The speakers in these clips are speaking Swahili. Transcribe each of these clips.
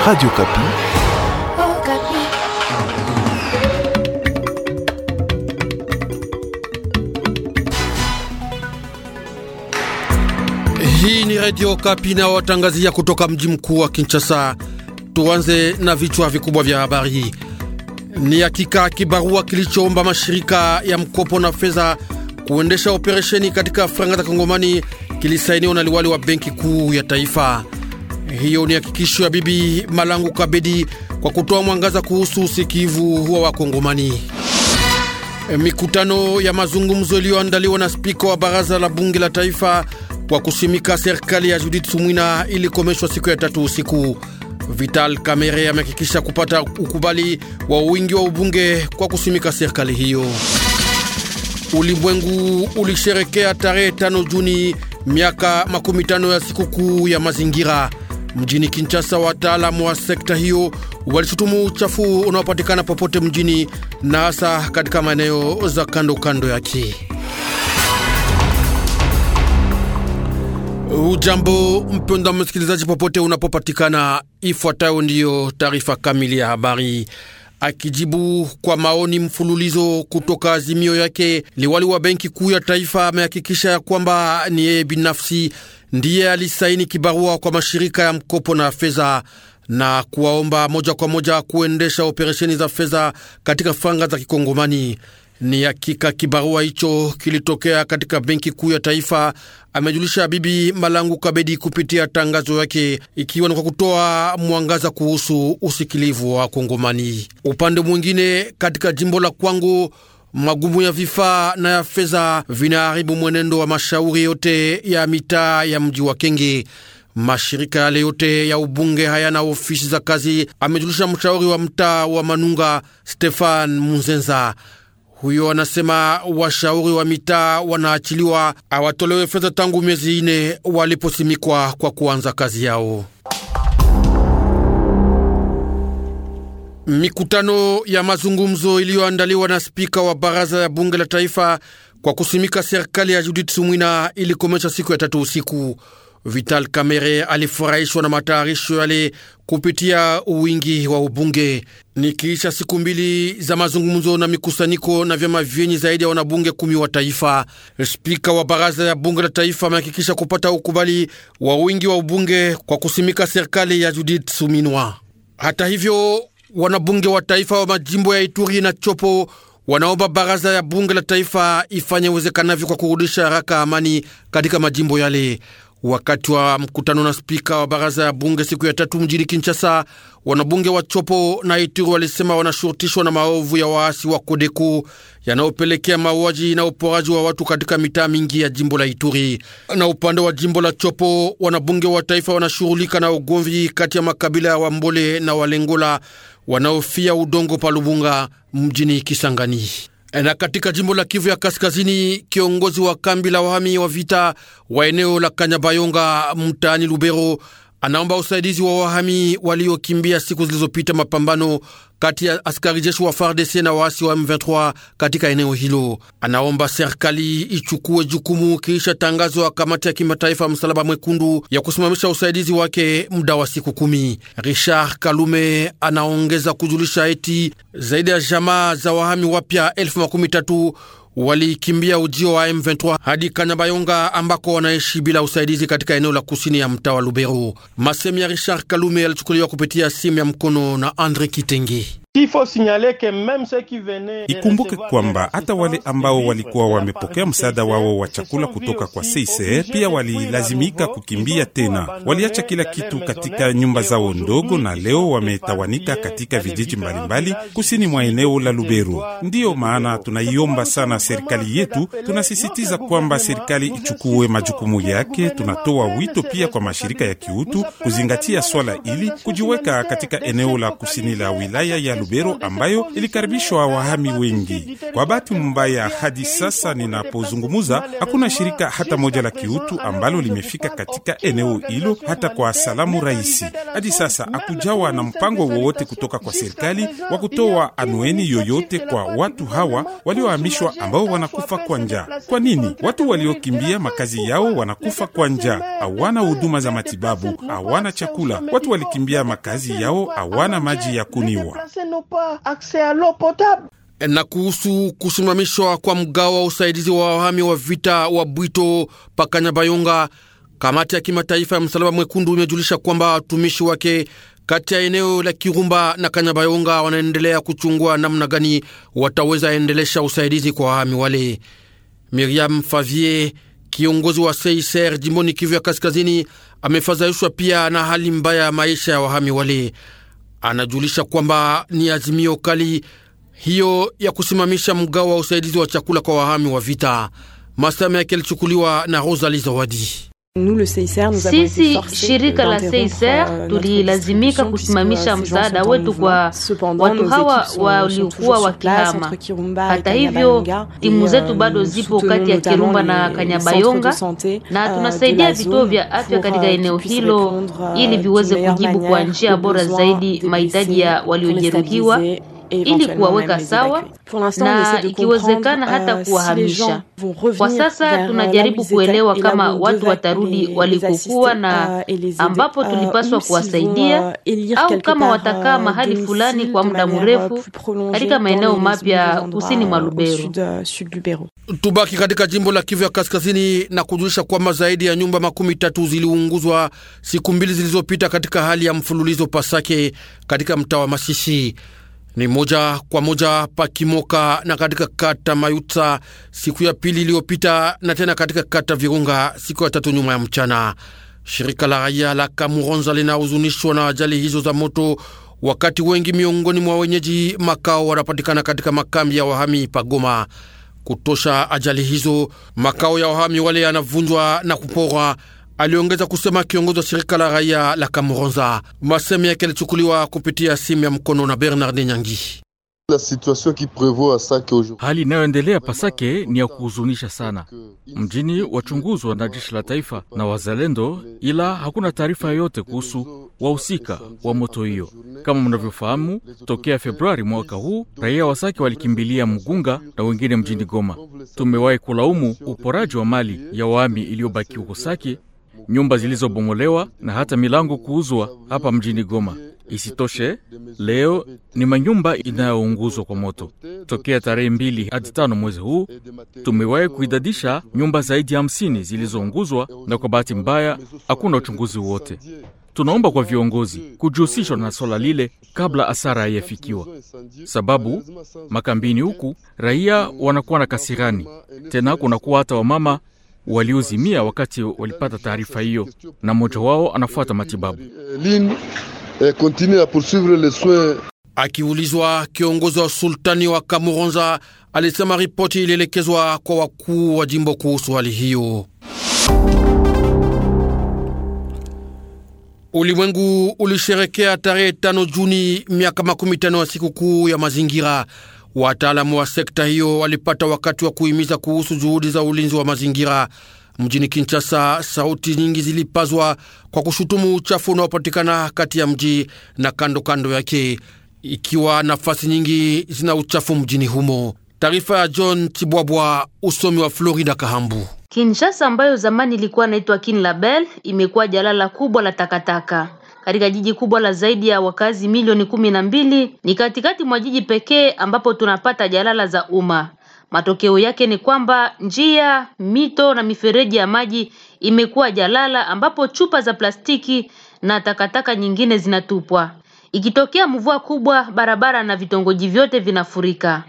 Radio Kapi. Oh, Kapi. Hii ni Radio Kapi na watangazia kutoka mji mkuu wa Kinshasa. Tuanze na vichwa vikubwa vya habari. Ni hakika kibarua kilichoomba mashirika ya mkopo na fedha kuendesha operesheni katika franga za Kongomani kilisainiwa na liwali wa Benki Kuu ya Taifa. Hiyo ni hakikisho ya Bibi Malangu Kabedi kwa kutoa mwangaza kuhusu usikivu wa Wakongomani. Mikutano ya mazungumzo iliyoandaliwa na spika wa baraza la bunge la taifa kwa kusimika serikali ya Judith Sumwina ilikomeshwa siku ya tatu usiku. Vital Kamerhe amehakikisha kupata ukubali wa wingi wa ubunge kwa kusimika serikali hiyo. Ulimwengu ulisherekea tarehe 5 Juni miaka makumi tano ya sikukuu ya mazingira. Mjini Kinshasa, wataalamu wa sekta hiyo walishutumu uchafu unaopatikana popote mjini na hasa katika maeneo za kando kando yake. Ujambo mpenda msikilizaji, popote unapopatikana, ifuatayo ndiyo taarifa kamili ya habari. Akijibu kwa maoni mfululizo kutoka azimio yake, liwali wa benki kuu ya taifa amehakikisha kwamba ni yeye binafsi ndiye alisaini kibarua kwa mashirika ya mkopo na fedha na kuwaomba moja kwa moja kuendesha operesheni za fedha katika fanga za Kikongomani. Ni hakika kibarua hicho kilitokea katika benki kuu ya taifa, amejulisha Bibi Malangu Kabedi kupitia tangazo yake, ikiwa ni kwa kutoa mwangaza kuhusu usikilivu wa Kongomani. Upande mwingine, katika jimbo la Kwangu Magumu ya vifaa na ya fedha vinaharibu mwenendo wa mashauri yote ya mitaa ya mji wa Kenge. Mashirika yale yote ya ubunge hayana ofisi za kazi, amejulisha mshauri wa mtaa wa Manunga Stefan Munzenza. Huyo anasema washauri wa mitaa wanaachiliwa, awatolewe fedha tangu miezi ine waliposimikwa kwa kuanza kazi yao. Mikutano ya mazungumzo iliyoandaliwa na spika wa baraza ya bunge la taifa kwa kusimika serikali ya Judith Sumwina ilikomesha siku ya tatu usiku. Vital Kamerhe alifurahishwa na matayarisho yale kupitia uwingi wa ubunge. Nikiisha siku mbili za mazungumzo na mikusanyiko na vyama vyenye zaidi ya wanabunge kumi wa taifa, spika wa baraza ya bunge la taifa amehakikisha kupata ukubali wa wingi wa ubunge kwa kusimika serikali ya Judith Suminwa. Hata hivyo Wanabunge wa taifa wa majimbo ya Ituri na Chopo wanaomba baraza ya bunge la taifa ifanye uwezekanavyo kwa kurudisha haraka amani katika majimbo yale. Wakati wa mkutano na spika wa baraza ya bunge siku ya tatu mjini Kinshasa, wanabunge wa Chopo na Ituri walisema wanashurutishwa na maovu ya waasi wa Kodeku yanayopelekea mauaji na uporaji wa watu katika mitaa mingi ya jimbo la Ituri. Na upande wa jimbo la Chopo, wanabunge wa taifa wanashughulika na ugomvi kati ya makabila ya Wambole na Walengola wanaofia udongo pa Lubunga mjini Kisangani. Na katika jimbo la Kivu ya Kaskazini, kiongozi wa kambi la wahami wa vita wa eneo la Kanyabayonga mtaani Lubero anaomba usaidizi wa wahami waliokimbia siku zilizopita mapambano kati ya askari jeshi wa FARDC na waasi wa M23 katika eneo hilo. Anaomba serikali ichukue jukumu kiisha tangazo ya kamati ya kimataifa ya msalaba mwekundu ya kusimamisha usaidizi wake muda wa siku kumi. Richard Kalume anaongeza kujulisha eti zaidi ya jamaa za wahami wapya elfu makumi tatu walikimbia ujio wa M23 hadi Kanyabayonga ambako wanaishi bila usaidizi katika eneo la kusini ya mtaa wa Lubero. Masemi ya Richard Kalume yalichukuliwa kupitia simu ya mkono na Andre Kitenge. Ikumbuke kwamba hata wale ambao walikuwa wamepokea msaada wao wa chakula kutoka kwa CICR e, pia walilazimika kukimbia tena. Waliacha kila kitu katika nyumba zao ndogo, na leo wametawanika katika vijiji mbalimbali kusini mwa eneo la Lubero. Ndiyo maana tunaiomba sana serikali yetu, tunasisitiza kwamba serikali ichukue majukumu yake. Tunatoa wito pia kwa mashirika ya kiutu kuzingatia swala ili kujiweka katika eneo la kusini la wilaya ya Lubero ambayo ilikaribishwa wahami wengi. Kwa bahati mbaya, hadi sasa ninapozungumuza, hakuna shirika hata moja la kiutu ambalo limefika katika eneo hilo, hata kwa salamu rahisi. Hadi sasa hakujawa na mpango wowote kutoka kwa serikali wa kutoa anueni yoyote kwa watu hawa waliohamishwa ambao wanakufa kwa njaa. Kwa nini watu waliokimbia makazi yao wanakufa kwa njaa? Hawana huduma za matibabu, hawana chakula. Watu walikimbia makazi yao, hawana maji ya kuniwa n'ont pas accès à l'eau potable na kuhusu kusimamishwa kwa mgao wa usaidizi wa wahami wa vita wa Bwito Pakanyabayonga, kamati ya kimataifa ya msalaba mwekundu imejulisha kwamba watumishi wake kati ya eneo la Kirumba na Kanyabayonga wanaendelea kuchungua namna gani wataweza endelesha usaidizi kwa wahami wale. Miriam Favier, kiongozi wa CICR jimboni Kivu ya Kaskazini, amefadhaishwa pia na hali mbaya ya maisha ya wahami wale anajulisha kwamba ni azimio kali hiyo ya kusimamisha mgao wa usaidizi wa chakula kwa wahami wa vita. Maseme yake yalichukuliwa na Rosali Zawadi. Nous, le CICR, nous sisi shirika la CICR euh, tulilazimika kusimamisha euh, msaada wetu kwa watu hawa waliokuwa wakihama. Hata hivyo, timu euh, zetu bado zipo kati ya Kirumba na Kanyabayonga na tunasaidia vituo vya afya katika eneo hilo ili viweze kujibu kwa njia bora zaidi mahitaji ya waliojeruhiwa ili kuwaweka sawa na ikiwezekana hata euh, kuwahamisha. Kwa sasa euh, tunajaribu kuelewa kama watu watarudi walikokuwa na euh, ambapo tulipaswa kuwasaidia, au kama watakaa mahali fulani kwa muda mrefu katika maeneo mapya kusini mwa Lubero. Tubaki katika jimbo la Kivu ya Kaskazini na kujulisha kwamba zaidi ya nyumba makumi tatu ziliunguzwa siku mbili zilizopita katika hali ya mfululizo Pasake katika mtaa wa Masisi ni moja kwa moja Pakimoka na katika kata Mayuta siku ya pili iliyopita na tena katika kata Virunga siku ya tatu nyuma ya mchana. Shirika la raia la Kamuronza linahuzunishwa na ajali hizo za moto, wakati wengi miongoni mwa wenyeji makao wanapatikana katika makambi ya wahami Pagoma. Kutosha ajali hizo, makao ya wahami wale yanavunjwa na kuporwa aliongeza kusema kiongozi wa shirika la raia la Kamuronza. Masemi yake alichukuliwa kupitia simu ya mkono na Bernard Nyangi. Hali inayoendelea Pasake ni ya kuhuzunisha sana. Mjini wachunguzwa na jeshi la taifa na wazalendo, ila hakuna taarifa yoyote kuhusu wahusika wa moto hiyo. Kama mnavyofahamu, tokea Februari mwaka huu raia wasake walikimbilia Mgunga na wengine mjini Goma. Tumewahi kulaumu uporaji wa mali ya waami iliyobaki huko Sake nyumba zilizobomolewa na hata milango kuuzwa hapa mjini Goma. Isitoshe, leo ni manyumba inayounguzwa kwa moto. Tokea tarehe mbili hadi tano mwezi huu tumewahi kuidadisha nyumba zaidi ya hamsini zilizounguzwa, na kwa bahati mbaya hakuna uchunguzi wote. Tunaomba kwa viongozi kujihusishwa na swala lile kabla hasara haiyafikiwa, sababu makambini huku raia wanakuwa na kasirani, tena kunakuwa hata wamama waliozimia wakati walipata taarifa hiyo, na mmoja wao anafuata matibabu. Akiulizwa, kiongozi wa sultani wa Kamuronza alisema ripoti ilielekezwa kwa wakuu wa jimbo kuhusu hali hiyo. Ulimwengu ulisherekea tarehe 5 Juni miaka makumi tano ya sikukuu ya mazingira. Wataalamu wa sekta hiyo walipata wakati wa kuhimiza kuhusu juhudi za ulinzi wa mazingira mjini Kinshasa. Sauti nyingi zilipazwa kwa kushutumu uchafu unaopatikana kati ya mji na kando kando yake, ikiwa nafasi nyingi zina uchafu mjini humo. Taarifa ya John Tibwabwa, usomi wa Florida Kahambu. Kinshasa ambayo zamani ilikuwa inaitwa Kin Label imekuwa jalala kubwa la takataka katika jiji kubwa la zaidi ya wakazi milioni kumi na mbili ni katikati mwa jiji pekee ambapo tunapata jalala za umma. Matokeo yake ni kwamba njia, mito na mifereji ya maji imekuwa jalala ambapo chupa za plastiki na takataka nyingine zinatupwa. Ikitokea mvua kubwa, barabara na vitongoji vyote vinafurika.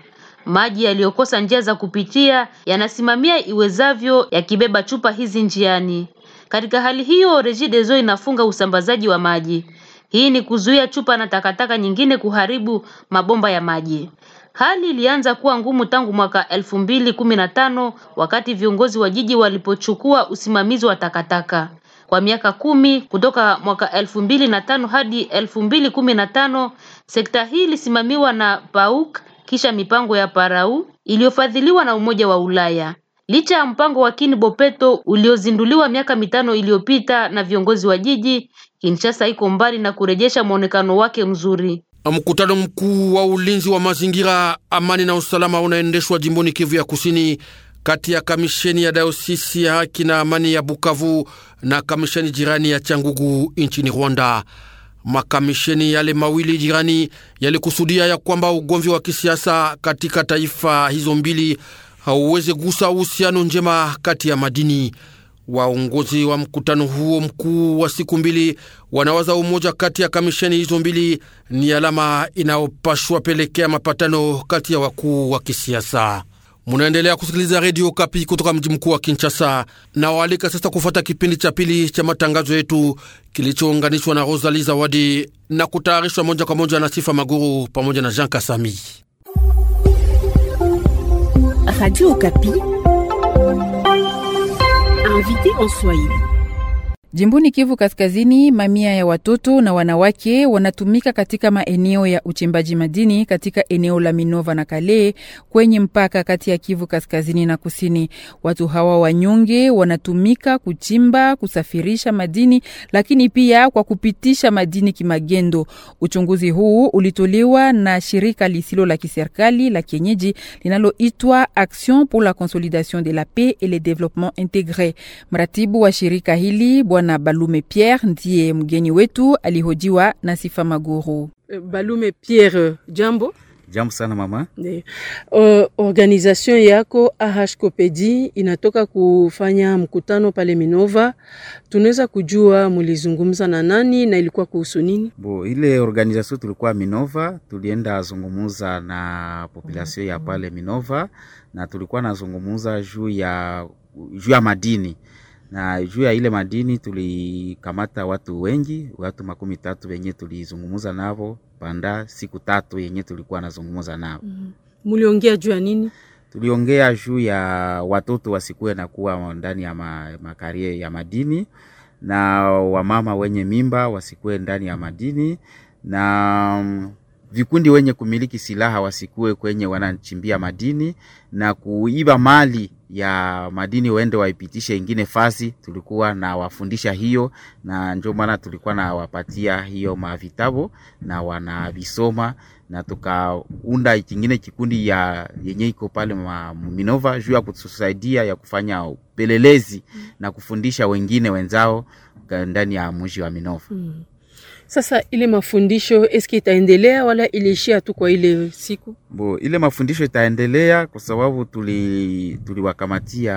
Maji yaliyokosa njia za kupitia yanasimamia iwezavyo yakibeba chupa hizi njiani. Katika hali hiyo Regideso inafunga usambazaji wa maji. Hii ni kuzuia chupa na takataka nyingine kuharibu mabomba ya maji. Hali ilianza kuwa ngumu tangu mwaka 2015 wakati viongozi wa jiji walipochukua usimamizi wa takataka. Kwa miaka kumi kutoka mwaka 2005 hadi 2015, sekta hii ilisimamiwa na PAUK kisha mipango ya PARAU iliyofadhiliwa na Umoja wa Ulaya. Licha ya mpango wa Kini Bopeto uliozinduliwa miaka mitano iliyopita na viongozi wa jiji, Kinshasa iko mbali na kurejesha mwonekano wake mzuri. Mkutano mkuu wa ulinzi wa mazingira, amani na usalama unaendeshwa jimboni Kivu ya Kusini kati ya kamisheni ya dayosisi ya haki na amani ya Bukavu na kamisheni jirani ya Changugu nchini Rwanda. Makamisheni yale mawili jirani yalikusudia ya kwamba ugomvi wa kisiasa katika taifa hizo mbili hauwezi gusa uhusiano njema kati ya madini. Waongozi wa mkutano huo mkuu wa siku mbili wanawaza umoja kati ya kamisheni hizo mbili ni alama inayopashwa pelekea mapatano kati ya wakuu wa kisiasa. Munaendelea kusikiliza redio Kapi kutoka mji mkuu wa Kinshasa na waalika sasa kufuata kipindi cha pili cha matangazo yetu kilichounganishwa na Rosali Zawadi na kutayarishwa moja kwa moja na Sifa Maguru pamoja na Jean Kasami. Radio Okapi, invité en soi. jimbuni Kivu Kaskazini, mamia ya watoto na wanawake wanatumika katika maeneo ya uchimbaji madini katika eneo la Minova na Kale kwenye mpaka kati ya Kivu Kaskazini na Kusini. Watu hawa wanyonge wanatumika kuchimba, kusafirisha madini, lakini pia kwa kupitisha madini kimagendo. Uchunguzi huu ulitolewa na shirika lisilo la kiserikali la kienyeji linaloitwa Action pour la Consolidation de la Paix et le Développement integre. Mratibu wa shirika hili Bwana Balume Pierre ndiye mgeni wetu, alihojiwa na Sifa Maguru. Eh, Balume Pierre, jambo. Jambo sana mama. Uh, organization yako ahcopedi inatoka kufanya mkutano pale Minova. Tunaweza kujua mulizungumza na nani na ilikuwa kuhusu nini? Bo, ile organization tulikuwa Minova, tulienda zungumuza na population ya pale Minova na tulikuwa nazungumuza juu ya juu ya madini na juu ya ile madini tulikamata watu wengi, watu makumi tatu wenye tulizungumuza navo panda siku tatu yenye tulikuwa nazungumuza navo. Mhm. Muliongea juu ya nini? Tuliongea juu ya watoto wasikue na kuwa ndani ya ma, makarie ya madini na wamama wenye mimba wasikue ndani ya madini na vikundi wenye kumiliki silaha wasikue kwenye wanachimbia madini na kuiba mali ya madini waende waipitishe ingine fasi. Tulikuwa na wafundisha hiyo, na ndio maana tulikuwa na wapatia hiyo mavitabu na wanavisoma, na tukaunda kingine kikundi ya yenye iko pale Minova juu ya kutusaidia ya kufanya upelelezi mm. na kufundisha wengine wenzao ndani ya mji wa Minova. Mm. Sasa ile mafundisho eske itaendelea wala iliishia tu kwa ile siku? Bo, ile mafundisho itaendelea kwa sababu tuliwakamatia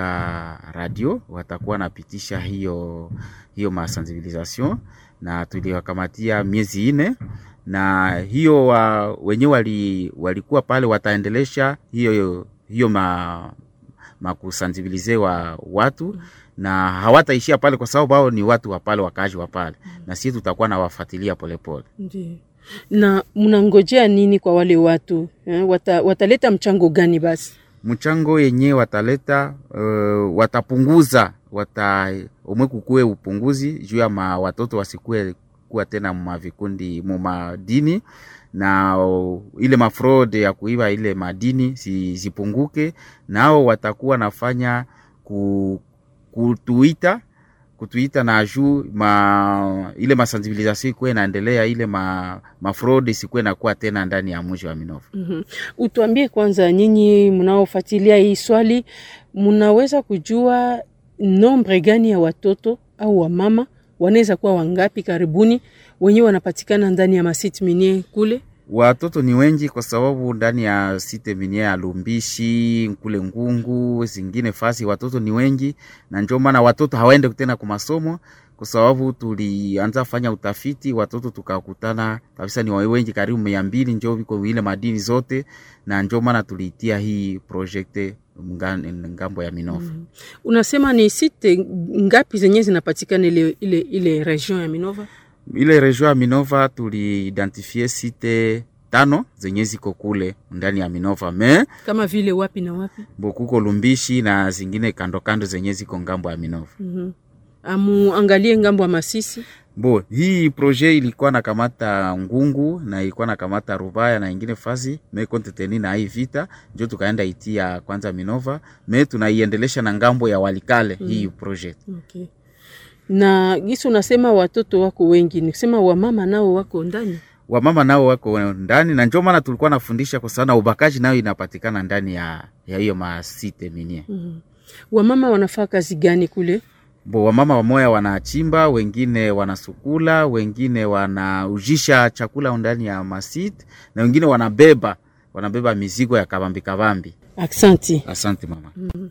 radio watakuwa napitisha hiyo, hiyo masensibilisation na tuliwakamatia miezi ine na hiyo wa, wali, walikuwa pale wataendelesha hiyo, hiyo ma, makusansibilize wa watu na hawataishia pale, kwa sababu hao ni watu wa pale, wakazi wa pale, na sisi tutakuwa nawafuatilia polepole. Na mnangojea nini kwa wale watu eh? Wata, wataleta mchango gani? Basi mchango yenye wataleta uh, watapunguza wata umwe kukue upunguzi juu ya watoto wasikue kuwa tena mavikundi mumadini na ile mafraude ya kuiba ile madini zipunguke, nao watakuwa nafanya ku, kutuita kutuita na ju ma, ile masensibilisation ikuwe naendelea, ile ma, mafraud isikuwe nakuwa tena ndani ya mji wa Minova. mm -hmm. Utuambie kwanza, nyinyi mnaofuatilia hii swali, mnaweza kujua nombre gani ya watoto au wamama wanaweza kuwa wangapi karibuni wenye wanapatikana ndani ya masite minie kule? Watoto ni wengi kwa sababu ndani ya site minie ya Lumbishi kule Ngungu zingine fasi watoto ni wengi, na ndio maana watoto hawaende tena kwa masomo kwa sababu tulianza fanya utafiti watoto tukakutana kabisa ni wawe wengi karibu mia mbili njo viko ile madini zote, na njo maana tuliitia hii projekte ngambo ya Minova. Mm -hmm. Unasema ni site ngapi zenye zinapatikana ile, ile, ile region ya Minova? ile region ya Minova tuliidentifie site tano zenye ziko kule ndani ya Minova me kama vile wapi na wapi, Bokuko, Lumbishi na zingine kando kando zenye ziko ngambo ya Minova. mm -hmm. Amuangalie ngambo ya Masisi. Bo, hii proje ilikuwa na kamata Ngungu na ilikuwa na kamata Rubaya na ingine fasi me teni na hii vita njo tukaenda iti ya kwanza Minova me tunaiendelesha na ngambo ya Walikale. mm -hmm. hii proje okay na gisi unasema watoto wako wengi, nikusema wamama nao wako ndani, wamama nao wako ndani, na ndio maana tulikuwa nafundisha kwa sana ubakaji nayo inapatikana ndani ya ya hiyo masite minie. mm -hmm. Wamama wanafaa kazi gani kule? Bo, wamama wamoya wanachimba, wengine wanasukula, wengine wanaujisha chakula ndani ya masite, na wengine wanabeba wanabeba mizigo ya kabambi kabambi. Asante, asante mama. mm -hmm.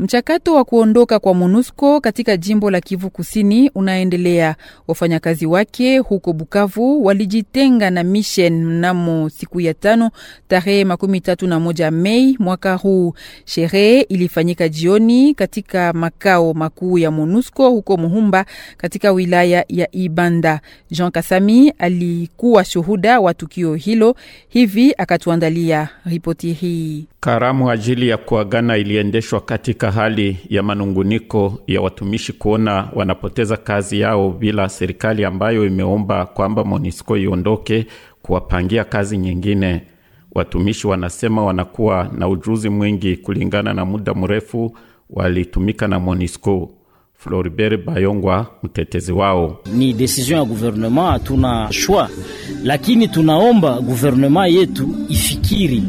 Mchakato wa kuondoka kwa MONUSCO katika jimbo la Kivu Kusini unaendelea. Wafanyakazi wake huko Bukavu walijitenga na mishen mnamo siku ya tano tarehe makumi tatu na moja Mei mwaka huu. Sherehe ilifanyika jioni katika makao makuu ya MONUSCO huko Muhumba katika wilaya ya Ibanda. Jean Kasami alikuwa shuhuda wa tukio hilo, hivi akatuandalia ripoti hii. Karamu ajili ya kuagana iliendeshwa katika hali ya manunguniko ya watumishi kuona wanapoteza kazi yao bila serikali ambayo imeomba kwamba monisco iondoke kuwapangia kazi nyingine. Watumishi wanasema wanakuwa na ujuzi mwingi kulingana na muda mrefu walitumika na monisco Floribert Bayongwa mtetezi wao: ni decision ya guvernema, hatuna shwa, lakini tunaomba guvernema yetu ifikiri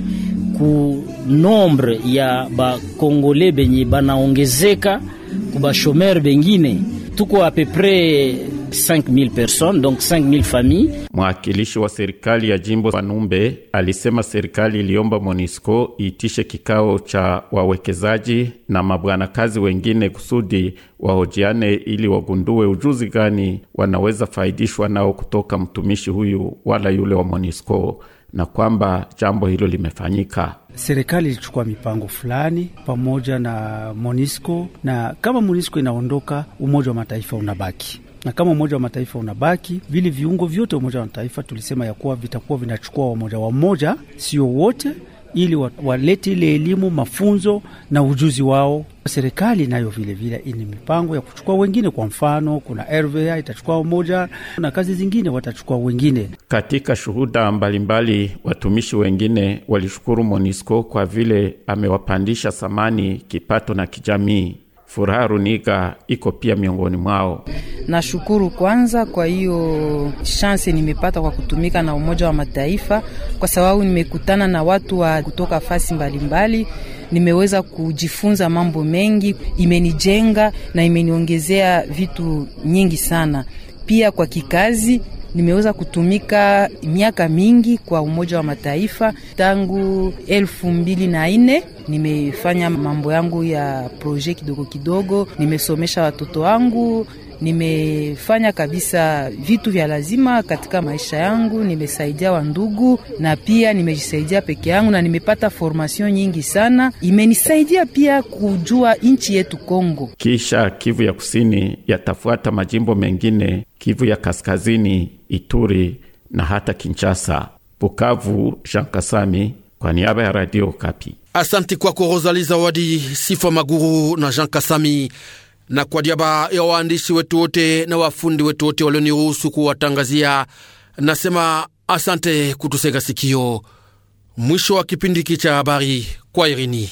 ku nombre ya bakongole benye banaongezeka ku kubashomere bengine tuko près 5000 personnes donc 5000 familles. Mwakilishi wa serikali ya jimbo Panumbe alisema serikali iliomba Monisco iitishe kikao cha wawekezaji na mabwanakazi wengine kusudi wahojiane ili wagundue ujuzi gani wanaweza faidishwa nao kutoka mtumishi huyu wala yule wa Monisco na kwamba jambo hilo limefanyika. Serikali ilichukua mipango fulani pamoja na monisco na kama monisco inaondoka, Umoja wa Mataifa unabaki na kama Umoja wa Mataifa unabaki, vile viungo vyote Umoja wa Mataifa tulisema ya kuwa vitakuwa vinachukua wamoja wamoja, sio wote ili walete ile elimu, mafunzo na ujuzi wao. Serikali nayo vilevile ini mipango ya kuchukua wengine, kwa mfano kuna RVA itachukua mmoja na kazi zingine watachukua wengine. Katika shuhuda mbalimbali, watumishi wengine walishukuru MONUSCO kwa vile amewapandisha thamani kipato na kijamii. Furaha Runika iko pia miongoni mwao. Nashukuru kwanza kwa hiyo shanse nimepata kwa kutumika na Umoja wa Mataifa, kwa sababu nimekutana na watu wa kutoka fasi mbalimbali mbali. Nimeweza kujifunza mambo mengi, imenijenga na imeniongezea vitu nyingi sana, pia kwa kikazi nimeweza kutumika miaka mingi kwa Umoja wa Mataifa tangu elfu mbili na nne. Nimefanya mambo yangu ya proje kidogo kidogo, nimesomesha watoto wangu nimefanya kabisa vitu vya lazima katika maisha yangu, nimesaidia wandugu na pia nimejisaidia peke yangu, na nimepata formasio nyingi sana, imenisaidia pia kujua nchi yetu Kongo. Kisha Kivu ya kusini yatafuata majimbo mengine, Kivu ya kaskazini Ituri na hata Kinshasa. Bukavu, Jean Kasami kwa niaba ya Radio Kapi. Asanti kwako Rosali Zawadi, Sifa Maguru na Jean Kasami, na kwa niaba ya waandishi wetu wote na wafundi wetu wote walioniruhusu kuwatangazia, nasema asante kutusega sikio. Mwisho wa kipindi hiki cha habari kwa Irini.